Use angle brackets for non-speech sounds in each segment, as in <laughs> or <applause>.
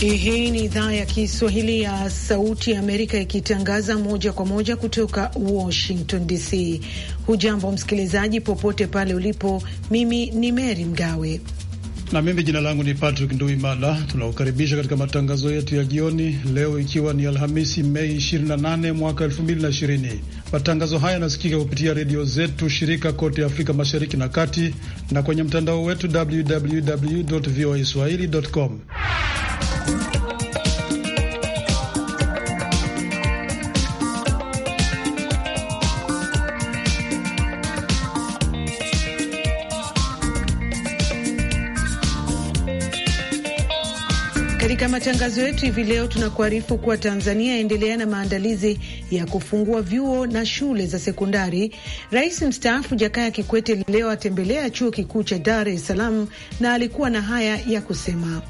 Hii ni idhaa ya Kiswahili ya Sauti ya Amerika ikitangaza moja kwa moja kutoka Washington DC. Hujambo msikilizaji, popote pale ulipo. Mimi ni Mary Mgawe na mimi jina langu ni Patrick Nduimana. Tunakukaribisha katika matangazo yetu ya jioni leo, ikiwa ni Alhamisi Mei 28 mwaka 2020. Matangazo haya yanasikika kupitia redio zetu shirika kote Afrika Mashariki na Kati na kwenye mtandao wetu www voa swahili com Katika matangazo yetu hivi leo tunakuarifu kuwa Tanzania yaendelea na maandalizi ya kufungua vyuo na shule za sekondari. Rais mstaafu Jakaya Kikwete leo atembelea chuo kikuu cha Dar es Salaam na alikuwa na haya ya kusema.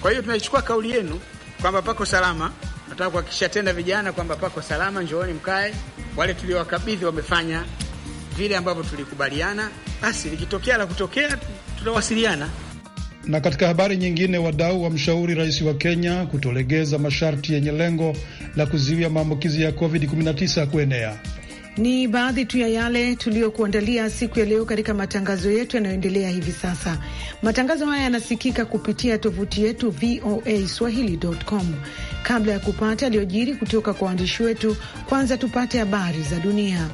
Kwa hiyo tunaichukua kauli yenu kwamba pako salama. Nataka kuhakikisha tena vijana kwamba pako salama, njooni mkae. Wale tuliowakabidhi wamefanya vile ambavyo tulikubaliana, basi likitokea la kutokea tutawasiliana. Na katika habari nyingine, wadau wamshauri rais wa Kenya kutolegeza masharti yenye lengo la kuzuia maambukizi ya COVID-19 kuenea. Ni baadhi tu ya yale tuliyokuandalia siku ya leo katika matangazo yetu yanayoendelea hivi sasa. Matangazo haya yanasikika kupitia tovuti yetu VOA swahili.com. Kabla ya kupata yaliyojiri kutoka kwa waandishi wetu, kwanza tupate habari za dunia.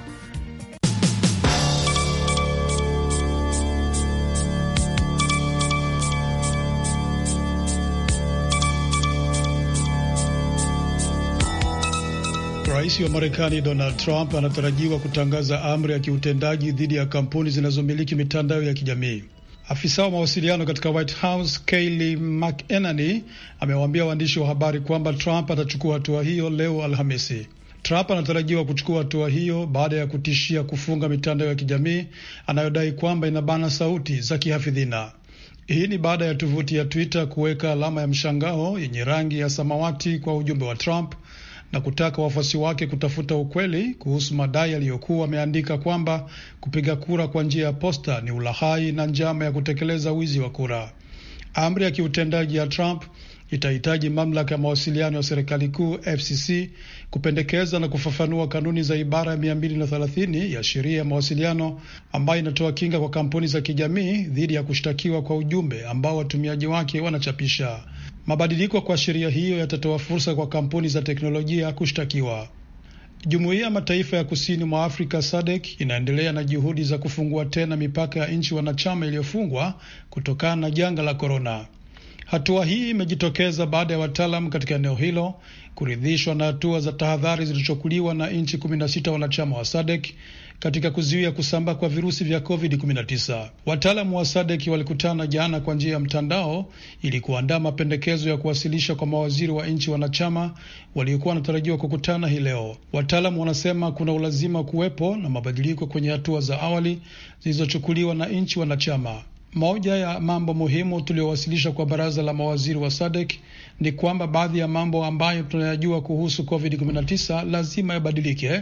Rais wa Marekani Donald Trump anatarajiwa kutangaza amri ya kiutendaji dhidi ya kampuni zinazomiliki mitandao ya kijamii. Afisa wa mawasiliano katika White House Kayleigh McEnany amewaambia waandishi wa habari kwamba Trump atachukua hatua hiyo leo Alhamisi. Trump anatarajiwa kuchukua hatua hiyo baada ya kutishia kufunga mitandao ya kijamii anayodai kwamba inabana sauti za kihafidhina. Hii ni baada ya tovuti ya Twitter kuweka alama ya mshangao yenye rangi ya samawati kwa ujumbe wa Trump na kutaka wafuasi wake kutafuta ukweli kuhusu madai aliyokuwa ameandika kwamba kupiga kura kwa njia ya posta ni ulahai na njama ya kutekeleza wizi wa kura. Amri ya kiutendaji ya Trump itahitaji mamlaka ya mawasiliano ya serikali kuu FCC kupendekeza na kufafanua kanuni za ibara ya 230 ya sheria ya mawasiliano ambayo inatoa kinga kwa kampuni za kijamii dhidi ya kushtakiwa kwa ujumbe ambao watumiaji wake wanachapisha. Mabadiliko kwa sheria hiyo yatatoa fursa kwa kampuni za teknolojia kushtakiwa. Jumuiya ya Mataifa ya Kusini mwa Afrika SADC inaendelea na juhudi za kufungua tena mipaka ya nchi wanachama iliyofungwa kutokana na janga la korona. Hatua hii imejitokeza baada ya wataalam katika eneo hilo kuridhishwa na hatua za tahadhari zilizochukuliwa na nchi 16 wanachama wa SADC katika kuzuia kusambaa kwa virusi vya COVID-19. Wataalamu wa Sadeki walikutana jana kwa njia ya mtandao ili kuandaa mapendekezo ya kuwasilisha kwa mawaziri wa nchi wanachama waliokuwa wanatarajiwa kukutana hii leo. Wataalamu wanasema kuna ulazima kuwepo na mabadiliko kwenye hatua za awali zilizochukuliwa na nchi wanachama. Moja ya mambo muhimu tuliyowasilisha kwa baraza la mawaziri wa Sadek ni kwamba baadhi ya mambo ambayo tunayajua kuhusu COVID-19 lazima yabadilike,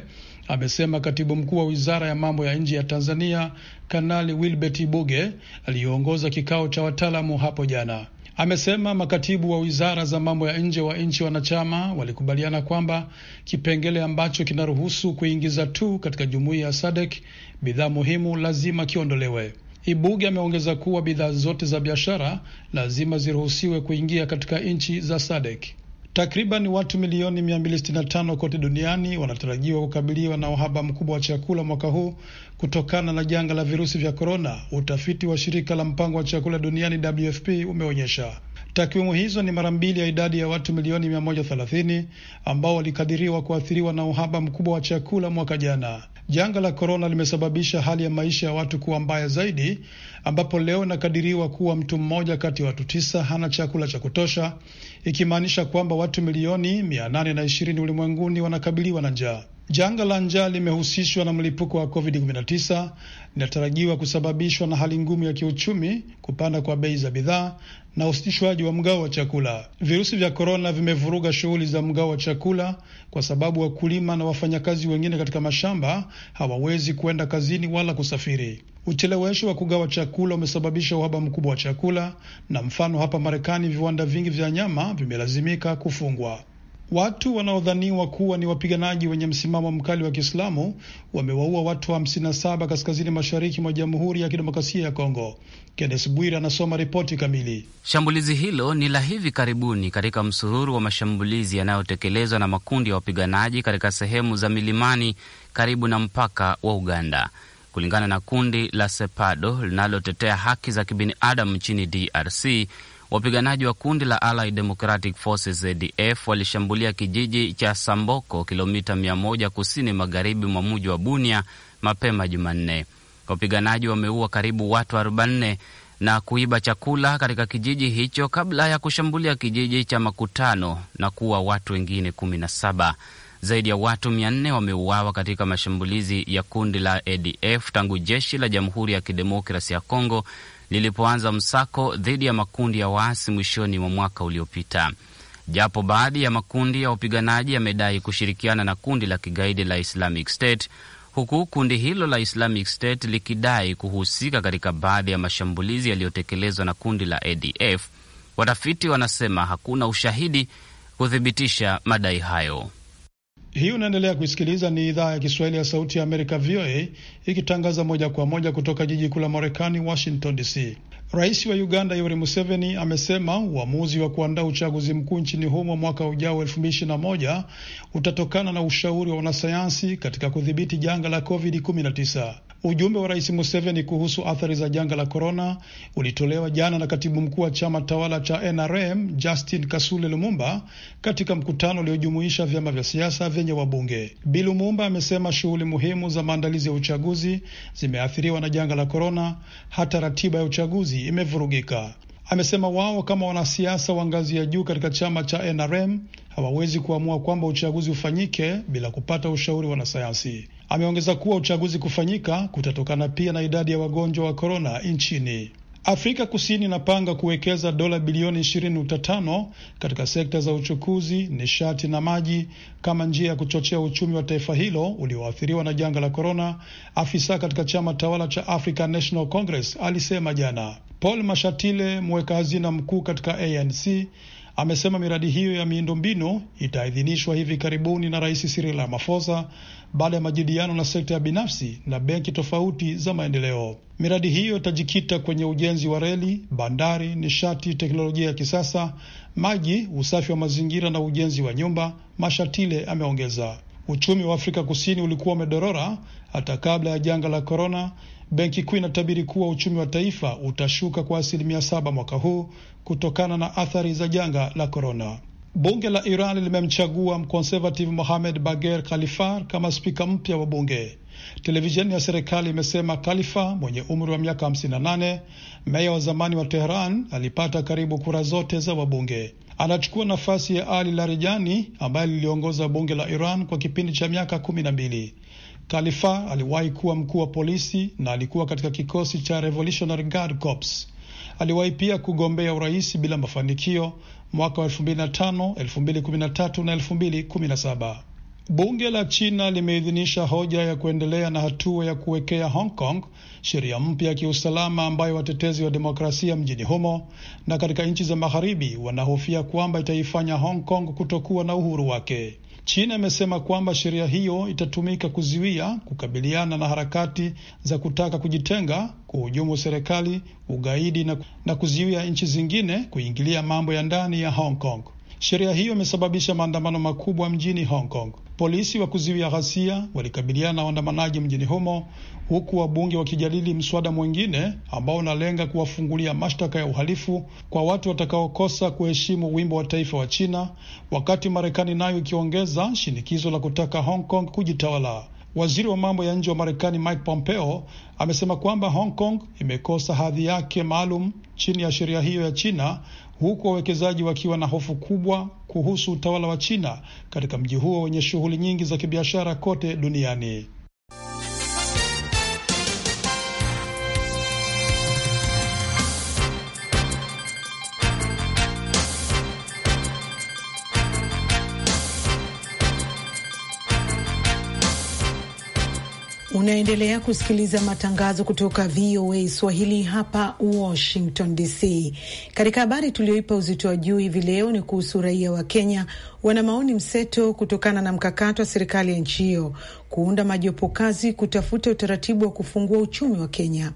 amesema katibu mkuu wa wizara ya mambo ya nje ya Tanzania Kanali Wilbert buge aliyeongoza kikao cha wataalamu hapo jana. Amesema makatibu wa wizara za mambo ya nje wa nchi wanachama walikubaliana kwamba kipengele ambacho kinaruhusu kuingiza tu katika jumuiya ya SADC bidhaa muhimu lazima kiondolewe. Ibuge ameongeza kuwa bidhaa zote za biashara lazima ziruhusiwe kuingia katika nchi za SADC. Takriban watu milioni 265 kote duniani wanatarajiwa kukabiliwa na uhaba mkubwa wa chakula mwaka huu kutokana na janga la virusi vya korona, utafiti wa shirika la mpango wa chakula duniani WFP umeonyesha. Takwimu hizo ni mara mbili ya idadi ya watu milioni 130 ambao walikadiriwa kuathiriwa na uhaba mkubwa wa chakula mwaka jana. Janga la korona limesababisha hali ya maisha ya watu kuwa mbaya zaidi, ambapo leo inakadiriwa kuwa mtu mmoja kati ya watu tisa hana chakula cha kutosha, ikimaanisha kwamba watu milioni mia nane na ishirini ulimwenguni wanakabiliwa na njaa. Janga la njaa limehusishwa na mlipuko wa COVID-19, linatarajiwa kusababishwa na hali ngumu ya kiuchumi, kupanda kwa bei za bidhaa na usitishwaji wa mgao wa chakula. Virusi vya korona vimevuruga shughuli za mgao wa chakula kwa sababu wakulima na wafanyakazi wengine katika mashamba hawawezi kuenda kazini wala kusafiri. Uchelewesho wa kugawa chakula umesababisha uhaba mkubwa wa chakula, na mfano hapa Marekani viwanda vingi vya nyama vimelazimika kufungwa. Watu wanaodhaniwa kuwa ni wapiganaji wenye msimamo mkali wa Kiislamu wamewaua watu 57 kaskazini mashariki mwa Jamhuri ya Kidemokrasia ya Kongo. Kennes Bwire anasoma ripoti kamili. Shambulizi hilo ni la hivi karibuni katika msururu wa mashambulizi yanayotekelezwa na makundi ya wapiganaji katika sehemu za milimani karibu na mpaka wa Uganda kulingana na kundi la Sepado linalotetea haki za kibinadamu nchini DRC. Wapiganaji wa kundi la Allied Democratic Forces ADF walishambulia kijiji cha Samboko, kilomita 100 kusini magharibi mwa mji wa Bunia mapema Jumanne. Wapiganaji wameua karibu watu 40 na kuiba chakula katika kijiji hicho kabla ya kushambulia kijiji cha Makutano na kuua watu wengine 17. Zaidi ya watu 400 wameuawa katika mashambulizi ya kundi la ADF tangu jeshi la Jamhuri ya Kidemokrasi ya Kongo lilipoanza msako dhidi ya makundi ya waasi mwishoni mwa mwaka uliopita. Japo baadhi ya makundi ya wapiganaji yamedai kushirikiana na kundi la kigaidi la Islamic State, huku kundi hilo la Islamic State likidai kuhusika katika baadhi ya mashambulizi yaliyotekelezwa na kundi la ADF, watafiti wanasema hakuna ushahidi kuthibitisha madai hayo. Hii unaendelea kuisikiliza ni idhaa ya Kiswahili ya Sauti ya Amerika, VOA, ikitangaza moja kwa moja kutoka jiji kuu la Marekani, Washington DC. Rais wa Uganda Yoweri Museveni amesema uamuzi wa kuandaa uchaguzi mkuu nchini humo mwaka ujao elfu na moja utatokana na ushauri wa wanasayansi katika kudhibiti janga la COVID-19. Ujumbe wa Rais Museveni kuhusu athari za janga la korona ulitolewa jana na katibu mkuu wa chama tawala cha NRM Justin Kasule Lumumba katika mkutano uliojumuisha vyama vya siasa vyenye wabunge. Bi Lumumba amesema shughuli muhimu za maandalizi ya uchaguzi zimeathiriwa na janga la korona, hata ratiba ya uchaguzi imevurugika. Amesema wao kama wanasiasa wa ngazi ya juu katika chama cha NRM hawawezi kuamua kwamba uchaguzi ufanyike bila kupata ushauri wa wanasayansi. Ameongeza kuwa uchaguzi kufanyika kutatokana pia na idadi ya wagonjwa wa korona nchini. Afrika Kusini inapanga kuwekeza dola bilioni 25 katika sekta za uchukuzi, nishati na maji kama njia ya kuchochea uchumi wa taifa hilo ulioathiriwa na janga la korona, afisa katika chama tawala cha African National Congress alisema jana. Paul Mashatile, mweka hazina mkuu katika ANC, Amesema miradi hiyo ya miundombinu itaidhinishwa hivi karibuni na Rais Cyril Ramaphosa baada ya majadiliano na sekta ya binafsi na benki tofauti za maendeleo. Miradi hiyo itajikita kwenye ujenzi wa reli, bandari, nishati, teknolojia ya kisasa, maji, usafi wa mazingira na ujenzi wa nyumba, Mashatile ameongeza. Uchumi wa Afrika Kusini ulikuwa umedorora hata kabla ya janga la korona, Benki Kuu inatabiri kuwa uchumi wa taifa utashuka kwa asilimia saba mwaka huu kutokana na athari za janga la korona. Bunge la Iran limemchagua mkonservative Mohamed Bager khalifar kama spika mpya wa bunge. Televisheni ya serikali imesema khalifa mwenye umri wa miaka 58, meya wa zamani wa Teheran, alipata karibu kura zote za wabunge. Anachukua nafasi ya Ali Larijani ambaye liliongoza bunge la Iran kwa kipindi cha miaka kumi na mbili. Khalifa aliwahi kuwa mkuu wa polisi na alikuwa katika kikosi cha Revolutionary Guard Corps. Aliwahi pia kugombea urais bila mafanikio mwaka wa 2005, 2013 na 2017. Bunge la China limeidhinisha hoja ya kuendelea na hatua ya kuwekea Hong Kong sheria mpya ya kiusalama ambayo watetezi wa demokrasia mjini humo na katika nchi za magharibi wanahofia kwamba itaifanya Hong Kong kutokuwa na uhuru wake. China imesema kwamba sheria hiyo itatumika kuziwia, kukabiliana na harakati za kutaka kujitenga, kuhujumu serikali, ugaidi na, na kuziwia nchi zingine kuingilia mambo ya ndani ya Hong Kong. Sheria hiyo imesababisha maandamano makubwa mjini Hong Kong. Polisi wa kuzuia ghasia walikabiliana na waandamanaji mjini humo, huku wabunge wakijadili mswada mwingine ambao unalenga kuwafungulia mashtaka ya uhalifu kwa watu watakaokosa kuheshimu wimbo wa taifa wa China, wakati Marekani nayo ikiongeza shinikizo la kutaka Hong Kong kujitawala. Waziri wa mambo ya nje wa Marekani Mike Pompeo amesema kwamba Hong Kong imekosa hadhi yake maalum chini ya sheria hiyo ya China huku wawekezaji wakiwa na hofu kubwa kuhusu utawala wa China katika mji huo wenye shughuli nyingi za kibiashara kote duniani. Unaendelea kusikiliza matangazo kutoka VOA Swahili hapa Washington DC. Katika habari tuliyoipa uzito wa juu hivi leo ni kuhusu raia wa Kenya wana maoni mseto kutokana na mkakati wa serikali ya nchi hiyo kuunda majopo kazi kutafuta utaratibu wa kufungua uchumi wa Kenya.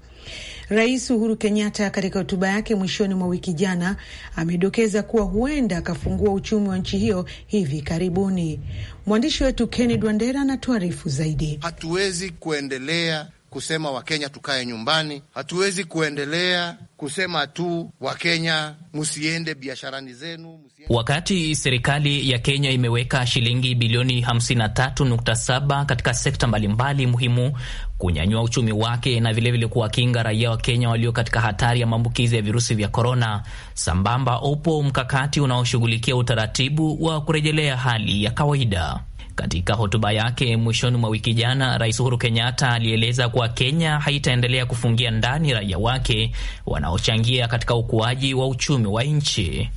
Rais Uhuru Kenyatta katika hotuba yake mwishoni mwa wiki jana amedokeza kuwa huenda akafungua uchumi wa nchi hiyo hivi karibuni. Mwandishi wetu kenned Wandera anatuarifu zaidi. Hatuwezi kuendelea kusema Wakenya tukae nyumbani. Hatuwezi kuendelea kusema tu Wakenya musiende biasharani zenu musiende. Wakati serikali ya Kenya imeweka shilingi bilioni 53.7 katika sekta mbalimbali muhimu kunyanyua uchumi wake na vilevile kuwakinga raia wa Kenya walio katika hatari ya maambukizi ya virusi vya korona. Sambamba, upo mkakati unaoshughulikia utaratibu wa kurejelea hali ya kawaida. Katika hotuba yake mwishoni mwa wiki jana, Rais Uhuru Kenyatta alieleza kuwa Kenya haitaendelea kufungia ndani raia wake wanaochangia katika ukuaji wa uchumi wa nchi.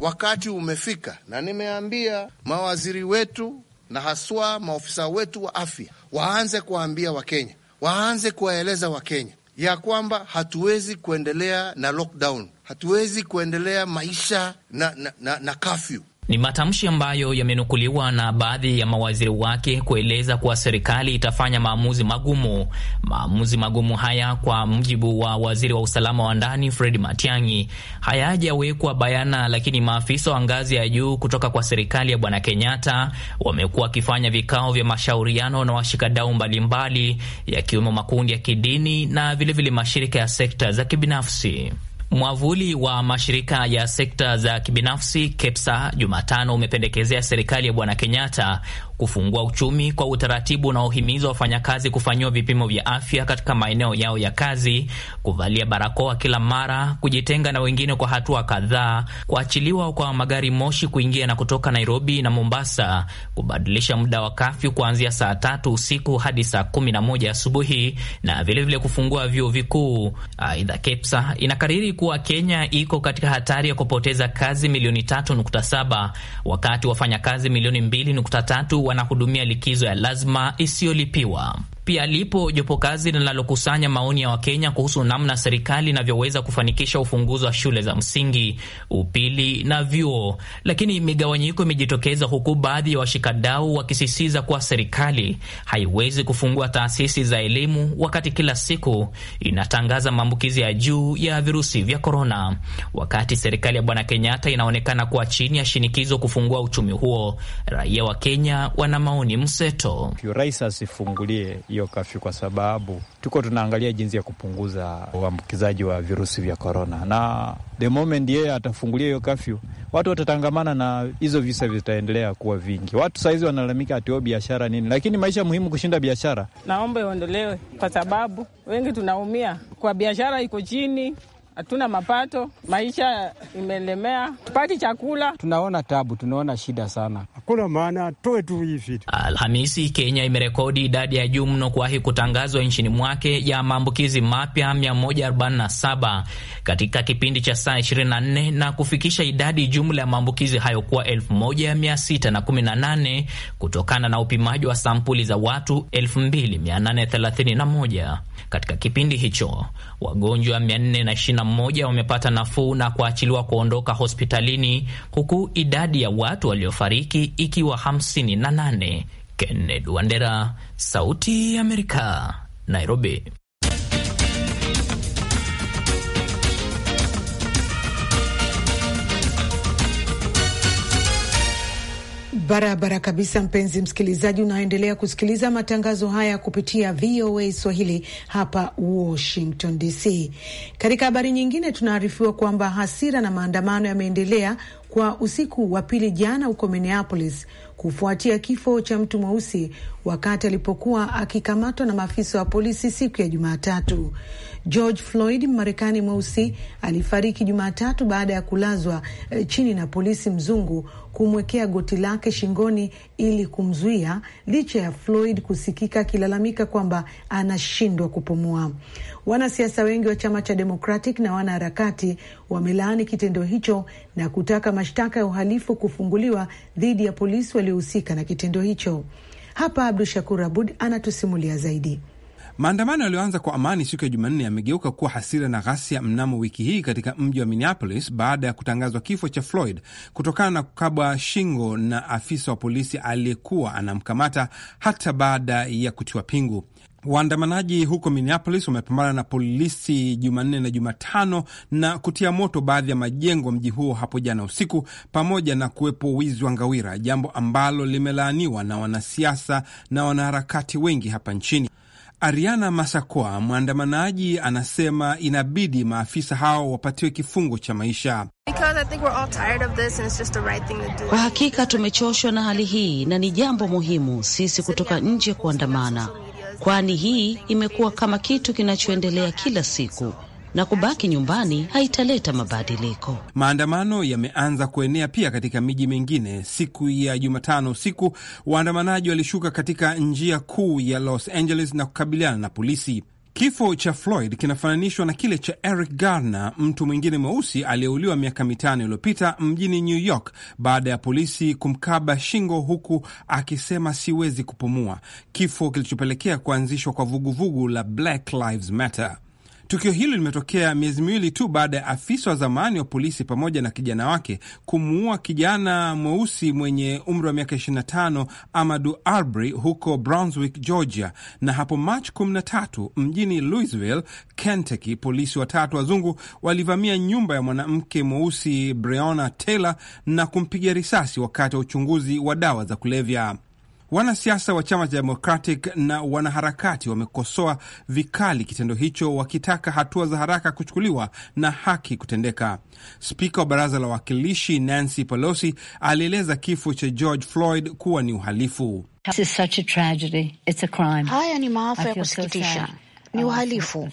Wakati umefika na nimeambia mawaziri wetu na haswa maofisa wetu wa afya waanze kuwaambia Wakenya, waanze kuwaeleza Wakenya ya kwamba hatuwezi kuendelea na lockdown, hatuwezi kuendelea maisha na, na, na, na kafyu ni matamshi ambayo yamenukuliwa na baadhi ya mawaziri wake kueleza kuwa serikali itafanya maamuzi magumu. Maamuzi magumu haya, kwa mujibu wa waziri wa usalama wa ndani Fred Matiang'i, hayajawekwa bayana, lakini maafisa wa ngazi ya juu kutoka kwa serikali ya bwana Kenyatta wamekuwa wakifanya vikao vya mashauriano na washikadau mbalimbali, yakiwemo makundi ya kidini na vilevile vile mashirika ya sekta za kibinafsi. Mwavuli wa mashirika ya sekta za kibinafsi KEPSA Jumatano umependekezea serikali ya Bwana Kenyatta kufungua uchumi kwa utaratibu unaohimiza wafanyakazi kufanyiwa vipimo vya afya katika maeneo yao ya kazi, kuvalia barakoa kila mara, kujitenga na wengine kwa hatua kadhaa, kuachiliwa kwa magari moshi kuingia na kutoka Nairobi na Mombasa, kubadilisha muda wa kafyu kuanzia saa tatu usiku hadi saa kumi na moja asubuhi na vilevile vile kufungua vyuo vikuu. Aidha, KEPSA inakariri kuwa Kenya iko katika hatari ya kupoteza kazi milioni 3.7 wakati wafanyakazi milioni 2.3 wanahudumia likizo ya lazima isiyolipiwa. Pia lipo jopo kazi linalokusanya maoni ya Wakenya kuhusu namna serikali inavyoweza kufanikisha ufunguzi wa shule za msingi, upili na vyuo, lakini migawanyiko imejitokeza huku baadhi ya wa washikadau wakisisitiza kuwa serikali haiwezi kufungua taasisi za elimu wakati kila siku inatangaza maambukizi ya juu ya virusi vya korona. Wakati serikali ya Bwana Kenyatta inaonekana kuwa chini ya shinikizo kufungua uchumi huo, raia wa Kenya wana maoni mseto. Rais asifungulie hiyo kafyu kwa sababu tuko tunaangalia jinsi ya kupunguza uambukizaji wa virusi vya korona, na the moment yeye atafungulia hiyo kafyu, watu watatangamana na hizo visa vitaendelea kuwa vingi. Watu sahizi wanalalamika atio oh, biashara nini, lakini maisha muhimu kushinda biashara. Naomba iondolewe kwa sababu wengi tunaumia kwa biashara iko chini, hatuna mapato, maisha imelemea, tupati chakula, tunaona tabu, tunaona shida sana, hakuna maana, toe tu hivi. Alhamisi, Kenya imerekodi idadi ya juu mno kuwahi kutangazwa nchini mwake ya maambukizi mapya 147 katika kipindi cha saa 24 na kufikisha idadi jumla ya maambukizi hayo kuwa 1618 kutokana na upimaji wa sampuli za watu 2831 katika kipindi hicho wagonjwa na mmoja wamepata nafuu na kuachiliwa kuondoka hospitalini, huku idadi ya watu waliofariki ikiwa 58. Kennedy Wandera, Sauti ya Amerika, Nairobi. barabara kabisa, mpenzi msikilizaji, unaendelea kusikiliza matangazo haya kupitia VOA Swahili hapa Washington DC. Katika habari nyingine, tunaarifiwa kwamba hasira na maandamano yameendelea kwa usiku wa pili jana huko Minneapolis kufuatia kifo cha mtu mweusi wakati alipokuwa akikamatwa na maafisa wa polisi siku ya Jumatatu. George Floyd, marekani mweusi alifariki Jumatatu baada ya kulazwa e, chini na polisi mzungu kumwekea goti lake shingoni ili kumzuia, licha ya Floyd kusikika akilalamika kwamba anashindwa kupumua. Wanasiasa wengi wa chama cha Democratic na wanaharakati wamelaani kitendo hicho na kutaka mashtaka ya uhalifu kufunguliwa dhidi ya polisi waliohusika na kitendo hicho. Hapa Abdu Shakur Abud anatusimulia zaidi. Maandamano yaliyoanza kwa amani siku ya Jumanne yamegeuka kuwa hasira na ghasia mnamo wiki hii katika mji wa Minneapolis baada ya kutangazwa kifo cha Floyd kutokana na kukabwa shingo na afisa wa polisi aliyekuwa anamkamata hata baada ya kutiwa pingu. Waandamanaji huko Minneapolis wamepambana na polisi Jumanne na Jumatano na kutia moto baadhi ya majengo mji huo hapo jana usiku, pamoja na kuwepo wizi wa ngawira, jambo ambalo limelaaniwa na wanasiasa na wanaharakati wengi hapa nchini. Ariana Masakwa, mwandamanaji, anasema inabidi maafisa hao wapatiwe kifungo cha maisha. Kwa hakika tumechoshwa na hali hii na ni jambo muhimu sisi kutoka nje kuandamana, kwani hii imekuwa kama kitu kinachoendelea kila siku na kubaki nyumbani haitaleta mabadiliko. Maandamano yameanza kuenea pia katika miji mingine. Siku ya Jumatano usiku, waandamanaji walishuka katika njia kuu ya Los Angeles na kukabiliana na polisi. Kifo cha Floyd kinafananishwa na kile cha Eric Garner, mtu mwingine mweusi aliyeuliwa miaka mitano iliyopita mjini New York baada ya polisi kumkaba shingo huku akisema siwezi kupumua, kifo kilichopelekea kuanzishwa kwa vuguvugu vugu la Black Lives Matter. Tukio hilo limetokea miezi miwili tu baada ya afisa wa zamani wa polisi pamoja na kijana wake kumuua kijana mweusi mwenye umri wa miaka 25 Amadu Arbery huko Brunswick, Georgia, na hapo Machi 13 mjini Louisville, Kentucky, polisi watatu wazungu walivamia nyumba ya mwanamke mweusi Breonna Taylor na kumpiga risasi wakati wa uchunguzi wa dawa za kulevya. Wanasiasa wa chama cha Democratic na wanaharakati wamekosoa vikali kitendo hicho, wakitaka hatua za haraka kuchukuliwa na haki kutendeka. Spika wa baraza la wawakilishi Nancy Pelosi alieleza kifo cha George Floyd kuwa ni uhalifu. Haya ni maafa ya kusikitisha so ni uhalifu.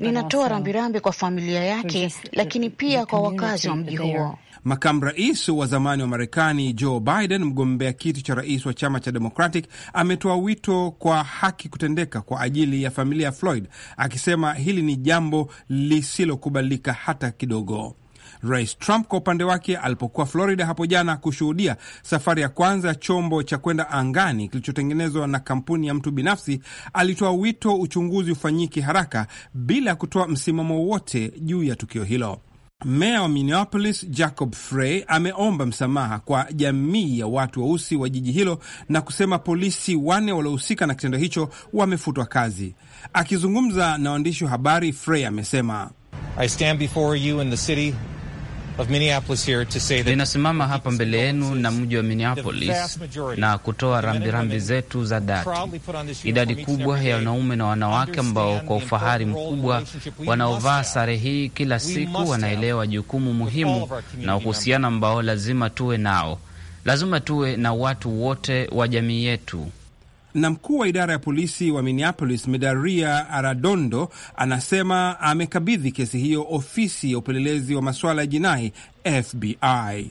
Ninatoa rambirambi kwa familia yake, lakini pia kwa wakazi wa mji huo. Makamu rais wa zamani wa Marekani Joe Biden, mgombea kiti cha rais wa chama cha Democratic, ametoa wito kwa haki kutendeka kwa ajili ya familia ya Floyd, akisema hili ni jambo lisilokubalika hata kidogo. Rais Trump kwa upande wake alipokuwa Florida hapo jana kushuhudia safari ya kwanza ya chombo cha kwenda angani kilichotengenezwa na kampuni ya mtu binafsi, alitoa wito uchunguzi ufanyike haraka bila ya kutoa msimamo wowote juu ya tukio hilo. Meya wa Minneapolis Jacob Frey ameomba msamaha kwa jamii ya watu weusi wa, wa jiji hilo na kusema polisi wane waliohusika na kitendo hicho wamefutwa kazi. Akizungumza na waandishi wa habari, Frey amesema I stand before you in the city Ninasimama hapa mbele yenu na mji wa Minneapolis na kutoa rambirambi zetu za dhati. Idadi kubwa ya wanaume na wanawake ambao kwa ufahari mkubwa wanaovaa sare hii kila siku wanaelewa jukumu muhimu na uhusiano ambao lazima tuwe nao, lazima tuwe na watu wote wa jamii yetu na mkuu wa idara ya polisi wa Minneapolis, Medaria Aradondo, anasema amekabidhi kesi hiyo ofisi ya upelelezi wa masuala ya jinai FBI.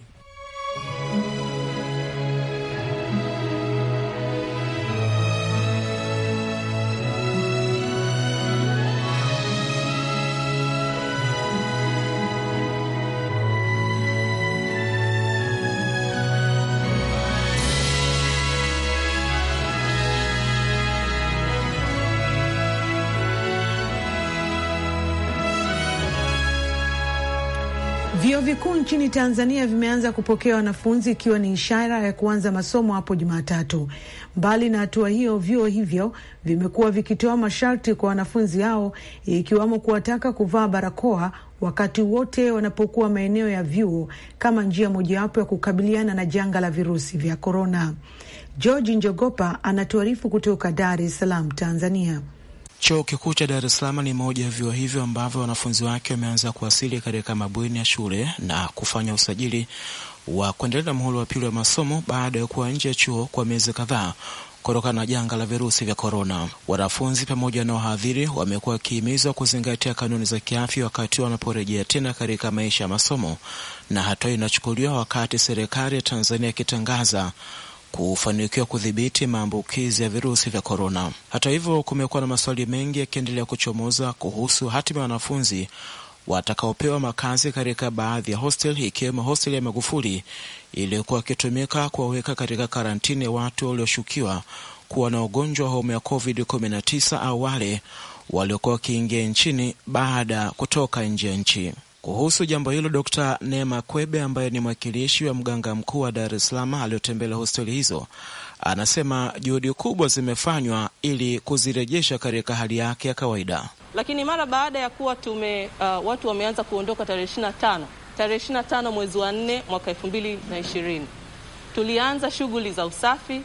Vyuo vikuu nchini Tanzania vimeanza kupokea wanafunzi ikiwa ni ishara ya kuanza masomo hapo Jumatatu. Mbali na hatua hiyo, vyuo hivyo vimekuwa vikitoa masharti kwa wanafunzi hao, ikiwamo kuwataka kuvaa barakoa wakati wote wanapokuwa maeneo ya vyuo kama njia mojawapo ya kukabiliana na janga la virusi vya korona. George Njogopa anatuarifu kutoka Dar es Salaam, Tanzania. Chuo Kikuu cha Dar es Salaam ni moja ya vyuo hivyo ambavyo wanafunzi wake wameanza kuwasili katika mabweni ya shule na kufanya usajili wa kuendelea na muhula wa pili wa masomo baada ya kuwa nje ya chuo kwa miezi kadhaa kutokana na janga la virusi vya korona. Wanafunzi pamoja na wahadhiri wamekuwa wakihimizwa kuzingatia kanuni za kiafya wakati wanaporejea tena katika maisha ya masomo, na hatua inachukuliwa wakati serikali ya Tanzania ikitangaza kufanikiwa kudhibiti maambukizi ya virusi vya korona. Hata hivyo, kumekuwa na maswali mengi yakiendelea kuchomoza kuhusu hatima ya wanafunzi watakaopewa makazi katika baadhi ya hostel ikiwemo hostel ya Magufuli iliyokuwa ikitumika kuwaweka katika karantini ya watu walioshukiwa kuwa na ugonjwa wa homu ya COVID-19 au wale waliokuwa wakiingia nchini baada ya kutoka nje ya nchi. Kuhusu jambo hilo, d Neema Kwebe ambaye ni mwakilishi wa mganga mkuu wa Dar es Salaam aliyotembelea hosteli hizo anasema juhudi kubwa zimefanywa ili kuzirejesha katika hali yake ya kawaida, lakini mara baada ya kuwa tume uh, watu wameanza kuondoka tarehe tano tarehe tano mwezi wa 4 mwaka ishirini tulianza shughuli za usafi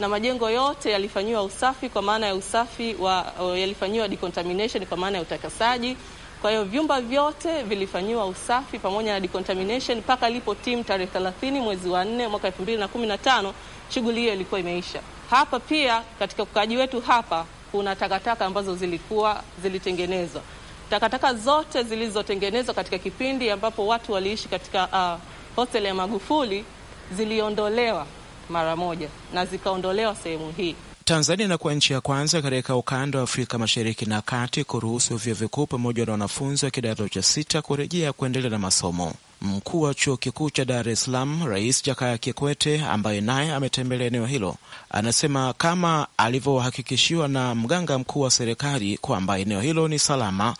na majengo yote yalifanyiwa usafi kwa maana ya usafi wa uh, yalifanyiwa decontamination kwa maana ya utakasaji kwa hiyo vyumba vyote vilifanyiwa usafi pamoja na decontamination mpaka lipo timu tarehe 30 mwezi wa 4 mwaka 2015 shughuli hiyo ilikuwa imeisha. Hapa pia katika ukaaji wetu hapa kuna takataka ambazo zilikuwa zilitengenezwa. Takataka zote zilizotengenezwa katika kipindi ambapo watu waliishi katika uh, hostel ya Magufuli ziliondolewa mara moja na zikaondolewa sehemu hii. Tanzania inakuwa nchi ya kwanza katika ukanda wa Afrika Mashariki na Kati kuruhusu vyuo vikuu pamoja na wanafunzi wa kidato cha sita kurejea kuendelea na masomo. Mkuu wa chuo kikuu cha Dar es Salaam, Rais Jakaya Kikwete, ambaye naye ametembelea eneo hilo, anasema kama alivyohakikishiwa na mganga mkuu wa serikali kwamba eneo hilo ni salama.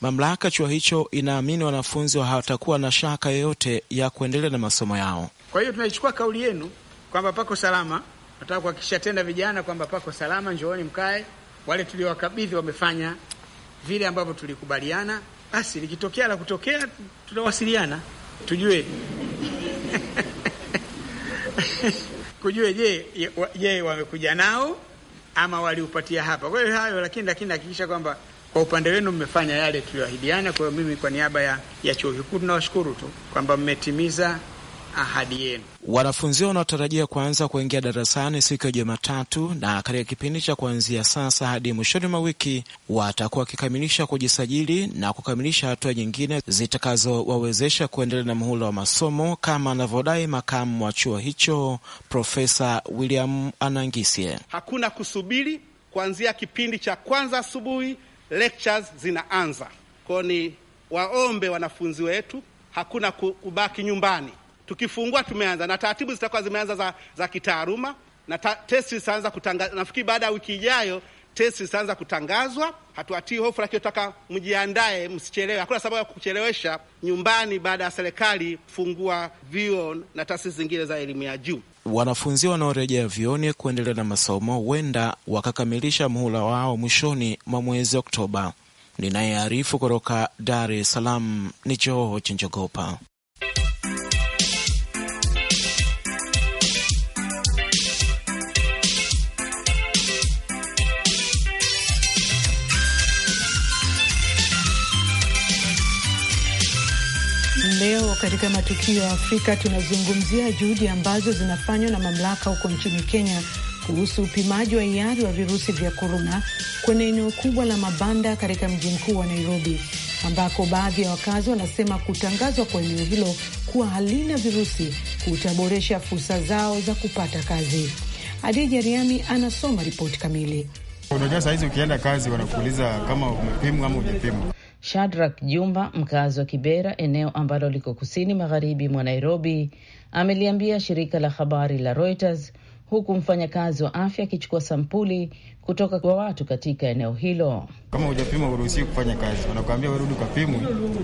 Mamlaka chuo hicho inaamini wanafunzi hawatakuwa na shaka yoyote ya kuendelea na masomo yao. Kwa hiyo tunaichukua kauli yenu kwamba pako salama nataka kuhakikisha tena vijana kwamba pako salama, njooni mkae. Wale tuliowakabidhi wamefanya vile ambavyo tulikubaliana, basi likitokea la kutokea, tutawasiliana tujue <laughs> kujue, je je, wamekuja nao ama waliupatia hapa. Kwa hiyo hayo, lakini lakini hakikisha kwamba kwa upande wenu mmefanya yale tuliyoahidiana. Kwa hiyo mimi kwa niaba ya, ya chuo kikuu tunawashukuru tu kwamba mmetimiza ahadi yenu. Wanafunzi wanaotarajia kuanza kuingia darasani siku ya Jumatatu, na katika kipindi cha kuanzia sasa hadi mwishoni mwa wiki watakuwa wakikamilisha kujisajili na kukamilisha hatua nyingine zitakazowawezesha kuendelea na mhula wa masomo, kama anavyodai makamu wa chuo hicho Profesa William Anangisye. Hakuna kusubiri, kuanzia kipindi cha kwanza asubuhi lectures zinaanza. Kwao ni waombe wanafunzi wetu, hakuna kubaki nyumbani. Tukifungua tumeanza na taratibu zitakuwa zimeanza za, za kitaaluma na ta, testi zitaanza kutangazwa. Nafikiri baada ya wiki ijayo testi zitaanza kutangazwa. Hatuatii hofu, lakini taka mjiandae, msichelewe. Hakuna sababu ya kuchelewesha nyumbani baada ya serikali kufungua vyuo na taasisi zingine za elimu ya juu. Wanafunzi wanaorejea vyuoni kuendelea na masomo huenda wakakamilisha muhula wao mwishoni mwa mwezi Oktoba. Ninayearifu kutoka Dar es Salaam ni Joho Chinjogopa. leo katika matukio ya Afrika tunazungumzia juhudi ambazo zinafanywa na mamlaka huko nchini Kenya kuhusu upimaji wa hiari wa virusi vya korona kwenye eneo kubwa la mabanda katika mji mkuu wa Nairobi, ambako baadhi ya wakazi wanasema kutangazwa kwa eneo hilo kuwa halina virusi kutaboresha fursa zao za kupata kazi. Adija Riami anasoma ripoti kamili. Unajua, saa hizi ukienda kazi wanakuuliza kama umepimwa ama ujapimwa. Shadrack Jumba, mkazi wa Kibera, eneo ambalo liko kusini magharibi mwa Nairobi, ameliambia shirika la habari la Reuters, huku mfanyakazi wa afya akichukua sampuli kutoka kwa watu katika eneo hilo. Kama hujapima uruhusi kufanya kazi, wanakuambia urudi ukapimwe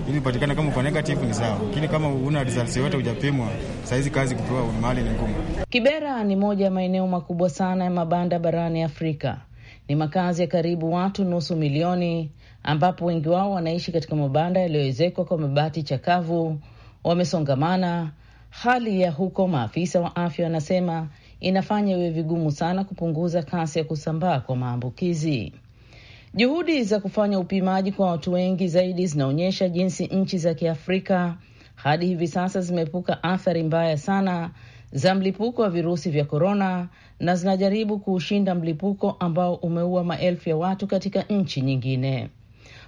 ili upatikane. Kama uko negative ni sawa, lakini kama una results yote, hujapimwa, sahizi kazi kupewa mahali ni ngumu. Kibera ni moja ya maeneo makubwa sana ya mabanda barani Afrika, ni makazi ya karibu watu nusu milioni ambapo wengi wao wanaishi katika mabanda yaliyoezekwa kwa mabati chakavu, wamesongamana. Hali ya huko, maafisa wa afya wanasema, inafanya iwe vigumu sana kupunguza kasi ya kusambaa kwa maambukizi. Juhudi za kufanya upimaji kwa watu wengi zaidi zinaonyesha jinsi nchi za Kiafrika hadi hivi sasa zimeepuka athari mbaya sana za mlipuko wa virusi vya korona na zinajaribu kuushinda mlipuko ambao umeua maelfu ya watu katika nchi nyingine.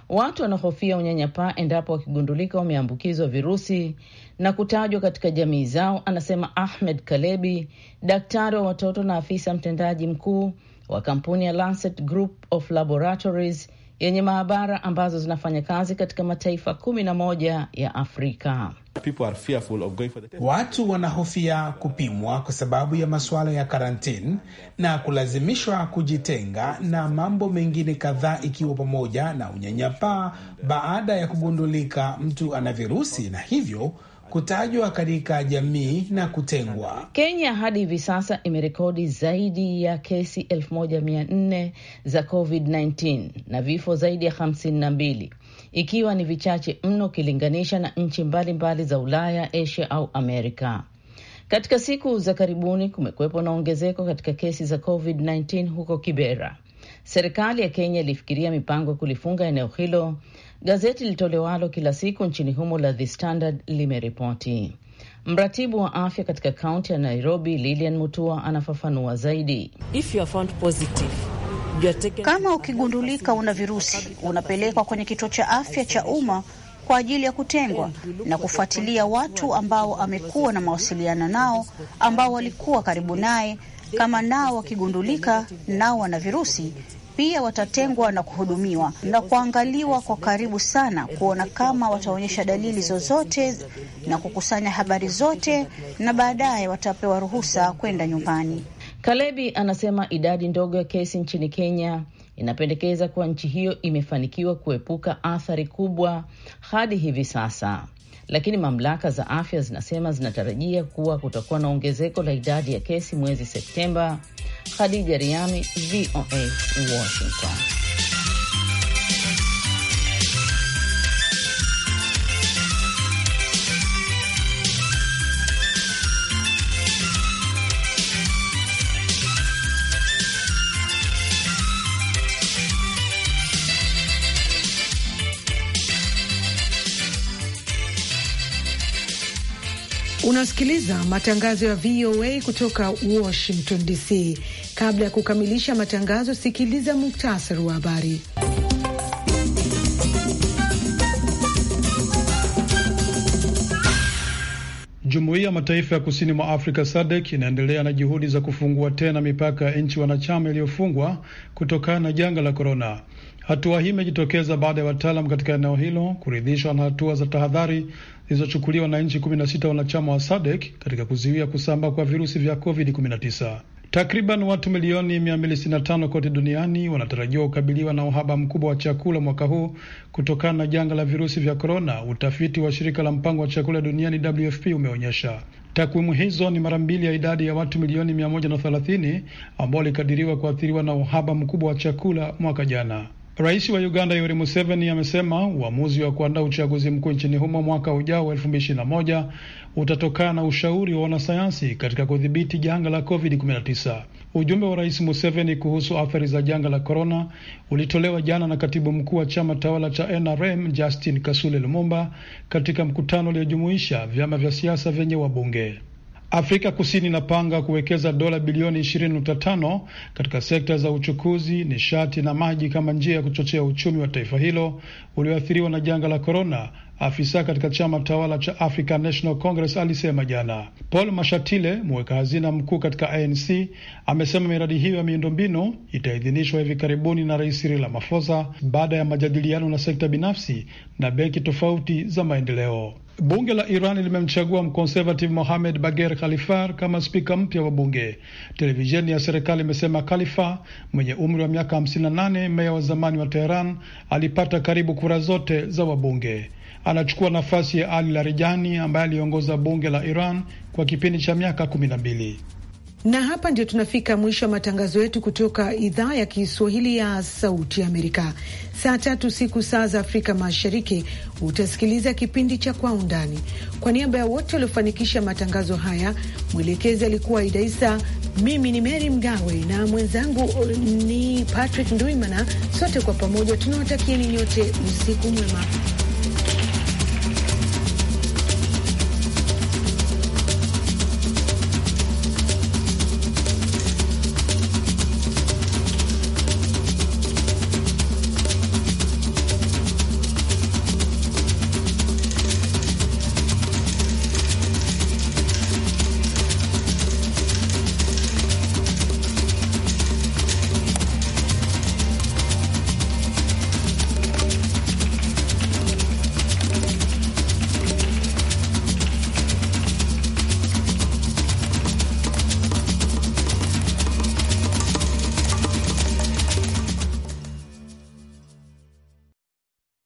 Watu wanahofia unyanyapaa endapo wakigundulika wameambukizwa virusi na kutajwa katika jamii zao, anasema Ahmed Kalebi, daktari wa watoto na afisa mtendaji mkuu wa kampuni ya Lancet Group of Laboratories yenye maabara ambazo zinafanya kazi katika mataifa kumi na moja ya Afrika. Watu wanahofia kupimwa kwa sababu ya masuala ya karantini na kulazimishwa kujitenga na mambo mengine kadhaa, ikiwa pamoja na unyanyapaa baada ya kugundulika mtu ana virusi na hivyo kutajwa katika jamii na kutengwa. Kenya hadi hivi sasa imerekodi zaidi ya kesi 1400 za COVID-19 na vifo zaidi ya 52 ikiwa ni vichache mno ukilinganisha na nchi mbalimbali za Ulaya, Asia au Amerika. Katika siku za karibuni kumekwepo na ongezeko katika kesi za COVID-19 huko Kibera. Serikali ya Kenya ilifikiria mipango ya kulifunga eneo hilo Gazeti litolewalo kila siku nchini humo la The Standard limeripoti. Mratibu wa afya katika kaunti ya Nairobi, Lilian Mutua, anafafanua zaidi. If you are found positive, you are taken... Kama ukigundulika una virusi, unapelekwa kwenye kituo cha afya cha umma kwa ajili ya kutengwa na kufuatilia watu ambao amekuwa na mawasiliano nao ambao walikuwa karibu naye. Kama nao wakigundulika nao wana virusi, pia watatengwa na kuhudumiwa na kuangaliwa kwa karibu sana kuona kama wataonyesha dalili zozote na kukusanya habari zote, na baadaye watapewa ruhusa kwenda nyumbani. Kalebi anasema idadi ndogo ya kesi nchini Kenya inapendekeza kuwa nchi hiyo imefanikiwa kuepuka athari kubwa hadi hivi sasa, lakini mamlaka za afya zinasema zinatarajia kuwa kutakuwa na ongezeko la idadi ya kesi mwezi Septemba. Khadija Riami, VOA, Washington. Unasikiliza matangazo ya VOA kutoka Washington DC. Kabla ya kukamilisha matangazo, sikiliza muktasari wa habari. Jumuiya ya Mataifa ya Kusini mwa Afrika SADC inaendelea na juhudi za kufungua tena mipaka ya nchi wanachama iliyofungwa kutokana na janga la korona. Hatua hii imejitokeza baada ya wataalam katika eneo hilo kuridhishwa na hatua za tahadhari zilizochukuliwa na nchi 16 wanachama wa SADC katika kuzuia kusambaa kwa virusi vya COVID-19. Takriban watu milioni 265 kote duniani wanatarajiwa kukabiliwa na uhaba mkubwa wa chakula mwaka huu kutokana na janga la virusi vya korona, utafiti wa shirika la mpango wa chakula duniani WFP umeonyesha. Takwimu hizo ni mara mbili ya idadi ya watu milioni 130 ambao walikadiriwa kuathiriwa na uhaba mkubwa wa chakula mwaka jana. Rais wa Uganda Yoweri Museveni amesema uamuzi wa kuandaa uchaguzi mkuu nchini humo mwaka ujao wa elfu mbili ishirini na moja utatokana na ushauri wa wanasayansi katika kudhibiti janga la COVID-19. Ujumbe wa Rais Museveni kuhusu athari za janga la korona ulitolewa jana na katibu mkuu wa chama tawala cha NRM Justin Kasule Lumumba katika mkutano uliojumuisha vyama vya siasa vyenye wabunge. Afrika Kusini inapanga kuwekeza dola bilioni 20.5 katika sekta za uchukuzi, nishati na maji kama njia ya kuchochea uchumi wa taifa hilo ulioathiriwa na janga la korona. Afisa katika chama tawala cha African National Congress alisema jana. Paul Mashatile, mweka hazina mkuu katika ANC, amesema miradi hiyo ya miundombinu itaidhinishwa hivi karibuni na Rais Cyril Ramaphosa baada ya majadiliano na sekta binafsi na benki tofauti za maendeleo. Bunge la Iran limemchagua mkonservative Mohamed bager Khalifar kama spika mpya wa bunge. Televisheni ya serikali imesema Khalifa mwenye umri wa miaka 58, meya wa zamani wa Teheran, alipata karibu kura zote za wabunge. Anachukua nafasi ya Ali Larijani ambaye aliongoza bunge la Iran kwa kipindi cha miaka kumi na mbili. Na hapa ndio tunafika mwisho wa matangazo yetu kutoka idhaa ya Kiswahili ya Sauti Amerika. Saa tatu siku saa za Afrika Mashariki utasikiliza kipindi cha Kwa Undani. Kwa niaba ya wote waliofanikisha matangazo haya, mwelekezi alikuwa Aida Isa, mimi ni mery Mgawe na mwenzangu ni Patrick Ndwimana. Sote kwa pamoja tunawatakieni nyote usiku mwema.